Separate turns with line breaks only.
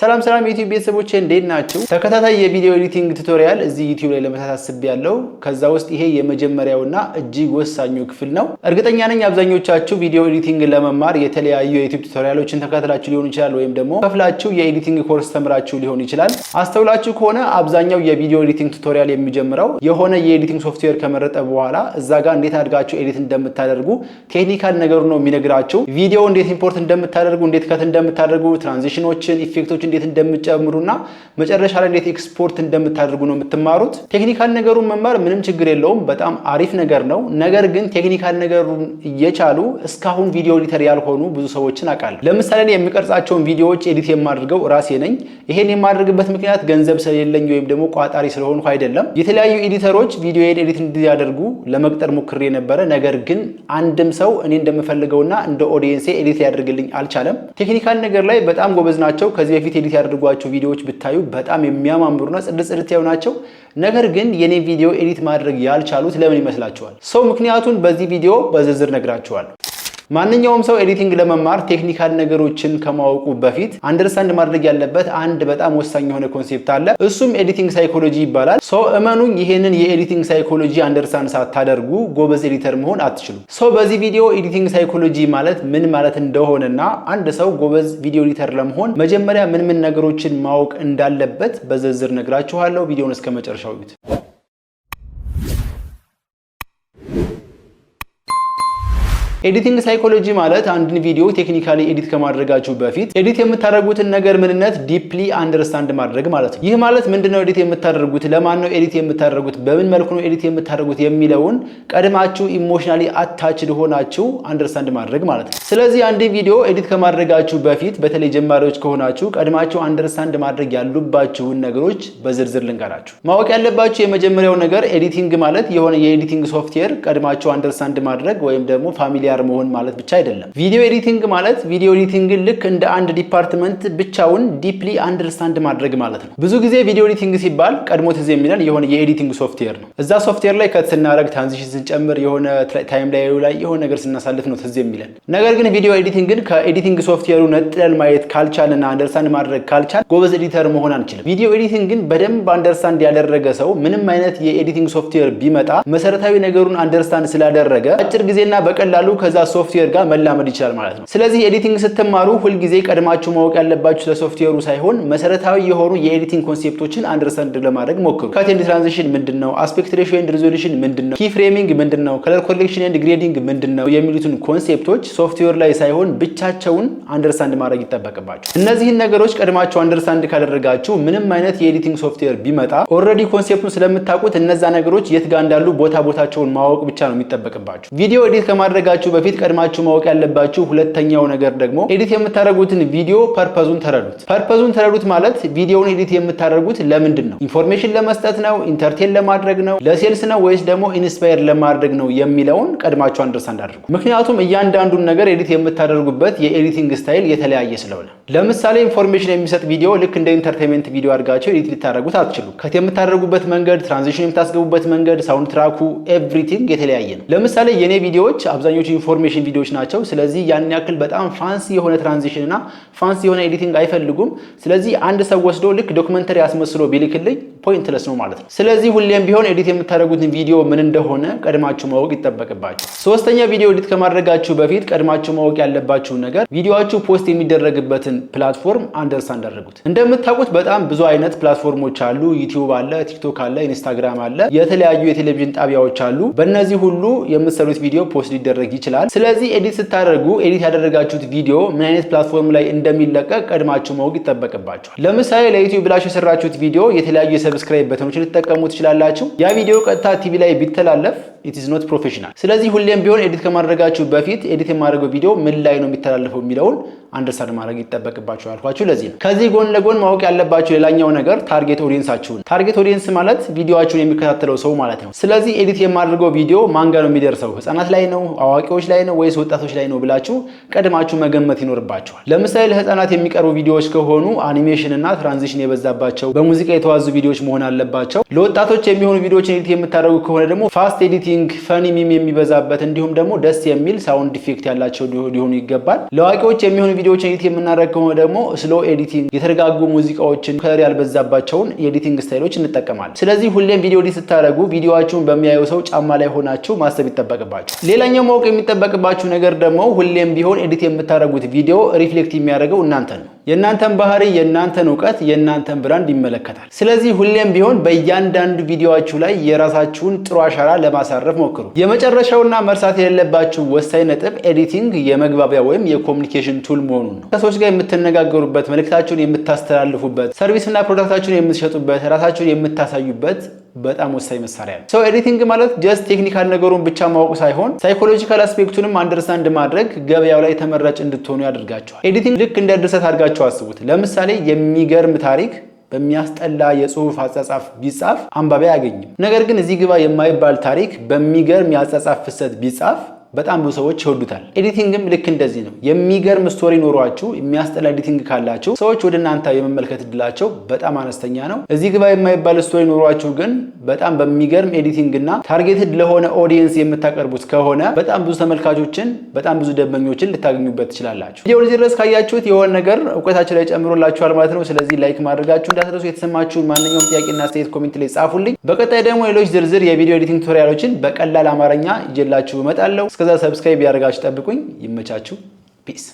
ሰላም ሰላም የዩቲዩብ ቤተሰቦች እንዴት ናችሁ? ተከታታይ የቪዲዮ ኤዲቲንግ ቱቶሪያል እዚህ ዩቲዩብ ላይ ለመስራት አስቤያለሁ። ከዛ ውስጥ ይሄ የመጀመሪያውና እጅግ ወሳኙ ክፍል ነው። እርግጠኛ ነኝ አብዛኞቻችሁ ቪዲዮ ኤዲቲንግ ለመማር የተለያዩ የዩቲዩብ ቱቶሪያሎችን ተከታትላችሁ ሊሆን ይችላል፣ ወይም ደግሞ ከፍላችሁ የኤዲቲንግ ኮርስ ተምራችሁ ሊሆን ይችላል። አስተውላችሁ ከሆነ አብዛኛው የቪዲዮ ኤዲቲንግ ቱቶሪያል የሚጀምረው የሆነ የኤዲቲንግ ሶፍትዌር ከመረጠ በኋላ እዛ ጋር እንዴት አድርጋችሁ ኤዲት እንደምታደርጉ ቴክኒካል ነገሩ ነው የሚነግራችሁ። ቪዲዮ እንዴት ኢምፖርት እንደምታደርጉ፣ እንዴት ከት እንደምታደርጉ፣ ትራንዚሽኖችን ኢፌክቶችን እንዴት እንደምጨምሩና መጨረሻ ላይ እንዴት ኤክስፖርት እንደምታደርጉ ነው የምትማሩት። ቴክኒካል ነገሩን መማር ምንም ችግር የለውም፣ በጣም አሪፍ ነገር ነው። ነገር ግን ቴክኒካል ነገሩን እየቻሉ እስካሁን ቪዲዮ ኤዲተር ያልሆኑ ብዙ ሰዎችን አውቃለሁ። ለምሳሌ የሚቀርጻቸውን ቪዲዮዎች ኤዲት የማድርገው ራሴ ነኝ። ይሄን የማድርግበት ምክንያት ገንዘብ ስለሌለኝ ወይም ደግሞ ቋጣሪ ስለሆንኩ አይደለም። የተለያዩ ኤዲተሮች ቪዲዮን ኤዲት እንዲያደርጉ ለመቅጠር ሞክሬ ነበረ። ነገር ግን አንድም ሰው እኔ እንደምፈልገውና እንደ ኦዲየንሴ ኤዲት ሊያደርግልኝ አልቻለም። ቴክኒካል ነገር ላይ በጣም ጎበዝ ናቸው። ከዚህ በፊት ኤዲት ያደርጓቸው ቪዲዮዎች ብታዩ በጣም የሚያማምሩና ጽድት ጽድት ናቸው። ነገር ግን የኔ ቪዲዮ ኤዲት ማድረግ ያልቻሉት ለምን ይመስላችኋል? ሰው ምክንያቱን በዚህ ቪዲዮ በዝርዝር ነግራችኋል። ማንኛውም ሰው ኤዲቲንግ ለመማር ቴክኒካል ነገሮችን ከማወቁ በፊት አንደርስታንድ ማድረግ ያለበት አንድ በጣም ወሳኝ የሆነ ኮንሴፕት አለ። እሱም ኤዲቲንግ ሳይኮሎጂ ይባላል። ሰው እመኑኝ፣ ይሄንን የኤዲቲንግ ሳይኮሎጂ አንደርስታንድ ሳታደርጉ ጎበዝ ኤዲተር መሆን አትችሉም። ሰው በዚህ ቪዲዮ ኤዲቲንግ ሳይኮሎጂ ማለት ምን ማለት እንደሆነና አንድ ሰው ጎበዝ ቪዲዮ ኤዲተር ለመሆን መጀመሪያ ምን ምን ነገሮችን ማወቅ እንዳለበት በዝርዝር ነግራችኋለሁ። ቪዲዮውን እስከ መጨረሻው እዩት። ኤዲቲንግ ሳይኮሎጂ ማለት አንድን ቪዲዮ ቴክኒካሊ ኤዲት ከማድረጋችሁ በፊት ኤዲት የምታደርጉትን ነገር ምንነት ዲፕሊ አንደርስታንድ ማድረግ ማለት ነው። ይህ ማለት ምንድነው ኤዲት የምታደርጉት፣ ለማን ነው ኤዲት የምታደርጉት፣ በምን መልኩ ነው ኤዲት የምታደርጉት የሚለውን ቀድማችሁ ኢሞሽናሊ አታችድ ሆናችሁ አንደርስታንድ ማድረግ ማለት ነው። ስለዚህ አንድ ቪዲዮ ኤዲት ከማድረጋችሁ በፊት በተለይ ጀማሪዎች ከሆናችሁ ቀድማችሁ አንደርስታንድ ማድረግ ያሉባችሁን ነገሮች በዝርዝር ልንገራችሁ። ማወቅ ያለባችሁ የመጀመሪያው ነገር ኤዲቲንግ ማለት የሆነ የኤዲቲንግ ሶፍትዌር ቀድማችሁ አንደርስታንድ ማድረግ ወይም ደግሞ ፋሚሊ ኤዲተር መሆን ማለት ብቻ አይደለም። ቪዲዮ ኤዲቲንግ ማለት ቪዲዮ ኤዲቲንግን ልክ እንደ አንድ ዲፓርትመንት ብቻውን ዲፕሊ አንደርስታንድ ማድረግ ማለት ነው። ብዙ ጊዜ ቪዲዮ ኤዲቲንግ ሲባል ቀድሞ ትዝ የሚለን የሆነ የኤዲቲንግ ሶፍትዌር ነው። እዛ ሶፍትዌር ላይ ከት ስናደረግ፣ ትራንዚሽን ስንጨምር፣ የሆነ ታይም ላይ ላይ የሆነ ነገር ስናሳልፍ ነው ትዝ የሚለን። ነገር ግን ቪዲዮ ኤዲቲንግን ከኤዲቲንግ ሶፍትዌሩ ነጥለን ማየት እና አንደርስታንድ ማድረግ ካልቻል ጎበዝ ኤዲተር መሆን አንችልም። ቪዲዮ ኤዲቲንግን በደንብ አንደርስታንድ ያደረገ ሰው ምንም አይነት የኤዲቲንግ ሶፍትዌር ቢመጣ መሰረታዊ ነገሩን አንደርስታንድ ስላደረገ አጭር ጊዜና በቀላሉ ከዛ ሶፍትዌር ጋር መላመድ ይችላል ማለት ነው። ስለዚህ ኤዲቲንግ ስትማሩ ሁልጊዜ ቀድማችሁ ማወቅ ያለባችሁ ለሶፍትዌሩ ሳይሆን መሰረታዊ የሆኑ የኤዲቲንግ ኮንሴፕቶችን አንደርስታንድ ለማድረግ ሞክሩ። ካት ኤንድ ትራንዚሽን ምንድን ነው? አስፔክት ሬሽዮ ኤንድ ሪዞሉሽን ምንድን ነው? ኪ ፍሬሚንግ ምንድን ነው? ከለር ኮሌክሽን ኤንድ ግሬዲንግ ምንድን ነው? የሚሉትን ኮንሴፕቶች ሶፍትዌር ላይ ሳይሆን ብቻቸውን አንደርስታንድ ማድረግ ይጠበቅባችሁ። እነዚህን ነገሮች ቀድማችሁ አንደርስታንድ ካደረጋችሁ ምንም አይነት የኤዲቲንግ ሶፍትዌር ቢመጣ ኦልሬዲ ኮንሴፕቱን ስለምታውቁት እነዛ ነገሮች የት ጋር እንዳሉ ቦታ ቦታቸውን ማወቅ ብቻ ነው የሚጠበቅባችሁ። ቪዲዮ ኤዲት ከማድረጋችሁ ከመሄዳችሁ በፊት ቀድማችሁ ማወቅ ያለባችሁ ሁለተኛው ነገር ደግሞ ኤዲት የምታደርጉትን ቪዲዮ ፐርፐዙን ተረዱት። ፐርፐዙን ተረዱት ማለት ቪዲዮውን ኤዲት የምታደርጉት ለምንድን ነው? ኢንፎርሜሽን ለመስጠት ነው? ኢንተርቴን ለማድረግ ነው? ለሴልስ ነው? ወይስ ደግሞ ኢንስፓየር ለማድረግ ነው የሚለውን ቀድማችሁ አንደርስታንድ አድርጉ። ምክንያቱም እያንዳንዱን ነገር ኤዲት የምታደርጉበት የኤዲቲንግ ስታይል የተለያየ ስለሆነ ለምሳሌ ኢንፎርሜሽን የሚሰጥ ቪዲዮ ልክ እንደ ኢንተርቴንመንት ቪዲዮ አድርጋቸው ኤዲት ልታደርጉት አትችሉ። ከት የምታደርጉበት መንገድ፣ ትራንዚሽን የምታስገቡበት መንገድ፣ ሳውንድ ትራኩ ኤቭሪቲንግ የተለያየ ነው። ለምሳሌ የእኔ ቪዲዮዎች አብዛኞቹ ኢንፎርሜሽን ቪዲዮዎች ናቸው። ስለዚህ ያን ያክል በጣም ፋንሲ የሆነ ትራንዚሽን እና ፋንሲ የሆነ ኤዲቲንግ አይፈልጉም። ስለዚህ አንድ ሰው ወስዶ ልክ ዶክመንተሪ አስመስሎ ቢልክልኝ ፖይንትለስ ነው ማለት ነው። ስለዚህ ሁሌም ቢሆን ኤዲት የምታደርጉትን ቪዲዮ ምን እንደሆነ ቀድማችሁ ማወቅ ይጠበቅባችሁ። ሶስተኛ ቪዲዮ ኤዲት ከማድረጋችሁ በፊት ቀድማችሁ ማወቅ ያለባችሁን ነገር ቪዲዮችሁ ፖስት የሚደረግበትን ፕላትፎርም አንደርስታንድ አድርጉት። እንደምታውቁት በጣም ብዙ አይነት ፕላትፎርሞች አሉ። ዩቲዩብ አለ፣ ቲክቶክ አለ፣ ኢንስታግራም አለ፣ የተለያዩ የቴሌቪዥን ጣቢያዎች አሉ። በእነዚህ ሁሉ የምትሰሩት ቪዲዮ ፖስት ሊደረግ ይችላል። ስለዚህ ኤዲት ስታደርጉ ኤዲት ያደረጋችሁት ቪዲዮ ምን አይነት ፕላትፎርም ላይ እንደሚለቀቅ ቀድማችሁ ማወቅ ይጠበቅባችኋል። ለምሳሌ ለዩቲዩብ ብላችሁ የሰራችሁት ቪዲዮ የተለያዩ ሰብስክራይብ በተኖች ልትጠቀሙ ትችላላችሁ። ያ ቪዲዮ ቀጥታ ቲቪ ላይ ቢተላለፍ ኢትስ ኖት ፕሮፌሽናል። ስለዚህ ሁሌም ቢሆን ኤዲት ከማድረጋችሁ በፊት ኤዲት የማድረገው ቪዲዮ ምን ላይ ነው የሚተላለፈው የሚለውን አንደርስታንድ ማድረግ ይጠበቅባችሁ አልኳችሁ። ለዚህ ነው። ከዚህ ጎን ለጎን ማወቅ ያለባችሁ ሌላኛው ነገር ታርጌት ኦዲየንሳችሁን። ታርጌት ኦዲየንስ ማለት ቪዲዮችሁን የሚከታተለው ሰው ማለት ነው። ስለዚህ ኤዲት የማድረገው ቪዲዮ ማን ጋር ነው የሚደርሰው? ህጻናት ላይ ነው? አዋቂዎች ላይ ነው? ወይስ ወጣቶች ላይ ነው ብላችሁ ቀድማችሁ መገመት ይኖርባችኋል። ለምሳሌ ለህፃናት የሚቀርቡ ቪዲዮዎች ከሆኑ አኒሜሽን እና ትራንዚሽን የበዛባቸው በሙዚቃ የተዋዙ ቪዲዮዎች መሆን አለባቸው። ለወጣቶች የሚሆኑ ቪዲዮዎችን ኤዲት የምታደርጉ ከሆነ ደግሞ ፋስት ኤዲት ኢንትረስቲንግ ፈኒ ሚም የሚበዛበት እንዲሁም ደግሞ ደስ የሚል ሳውንድ ኢፌክት ያላቸው ሊሆኑ ይገባል። ለአዋቂዎች የሚሆኑ ቪዲዮዎችን ኤዲት የምናደርግ ከሆነ ደግሞ ስሎ ኤዲቲንግ፣ የተረጋጉ ሙዚቃዎችን፣ ከለር ያልበዛባቸውን የኤዲቲንግ ስታይሎች እንጠቀማለን። ስለዚህ ሁሌም ቪዲዮ ኤዲት ስታደርጉ ቪዲዮችሁን በሚያየው ሰው ጫማ ላይ ሆናችሁ ማሰብ ይጠበቅባችሁ። ሌላኛው ማወቅ የሚጠበቅባችሁ ነገር ደግሞ ሁሌም ቢሆን ኤዲት የምታደርጉት ቪዲዮ ሪፍሌክት የሚያደርገው እናንተ ነው። የእናንተን ባህሪ፣ የእናንተን እውቀት፣ የእናንተን ብራንድ ይመለከታል። ስለዚህ ሁሌም ቢሆን በእያንዳንዱ ቪዲዮችሁ ላይ የራሳችሁን ጥሩ አሻራ ለማሳረፍ ሞክሩ። የመጨረሻውና መርሳት የሌለባችሁ ወሳኝ ነጥብ ኤዲቲንግ የመግባቢያ ወይም የኮሚኒኬሽን ቱል መሆኑን ነው። ከሰዎች ጋር የምትነጋገሩበት፣ መልእክታችሁን የምታስተላልፉበት፣ ሰርቪስና ፕሮዳክታችሁን የምትሸጡበት፣ ራሳችሁን የምታሳዩበት በጣም ወሳኝ መሳሪያ ነው። ሰው ኤዲቲንግ ማለት ጀስት ቴክኒካል ነገሩን ብቻ ማወቅ ሳይሆን ሳይኮሎጂካል አስፔክቱንም አንደርስታንድ ማድረግ ገበያው ላይ ተመራጭ እንድትሆኑ ያደርጋቸዋል። ኤዲቲንግ ልክ እንደ ድርሰት አድርጋቸው አስቡት። ለምሳሌ የሚገርም ታሪክ በሚያስጠላ የጽሁፍ አጻጻፍ ቢጻፍ አንባቢ አያገኝም። ነገር ግን እዚህ ግባ የማይባል ታሪክ በሚገርም የአጻጻፍ ፍሰት ቢጻፍ በጣም ብዙ ሰዎች ይወዱታል። ኤዲቲንግም ልክ እንደዚህ ነው። የሚገርም ስቶሪ ኖሯችሁ የሚያስጠላ ኤዲቲንግ ካላችሁ ሰዎች ወደ እናንተ የመመልከት እድላቸው በጣም አነስተኛ ነው። እዚህ ግባ የማይባል ስቶሪ ኖሯችሁ ግን በጣም በሚገርም ኤዲቲንግና ታርጌትድ ለሆነ ኦዲየንስ የምታቀርቡት ከሆነ በጣም ብዙ ተመልካቾችን፣ በጣም ብዙ ደንበኞችን ልታገኙበት ትችላላችሁ። ቪዲዮ እዚህ ድረስ ካያችሁት የሆነ ነገር እውቀታችሁ ላይ ጨምሮላችኋል ማለት ነው። ስለዚህ ላይክ ማድረጋችሁ እንዳትረሱ። የተሰማችሁን ማንኛውም ጥያቄና አስተያየት ኮሜንት ላይ ጻፉልኝ። በቀጣይ ደግሞ ሌሎች ዝርዝር የቪዲዮ ኤዲቲንግ ቱቶሪያሎችን በቀላል አማርኛ ይዤላችሁ እመጣለሁ። እስከዛ ሰብስክራይብ ያደርጋችሁ ጠብቁኝ። ይመቻችሁ። ፒስ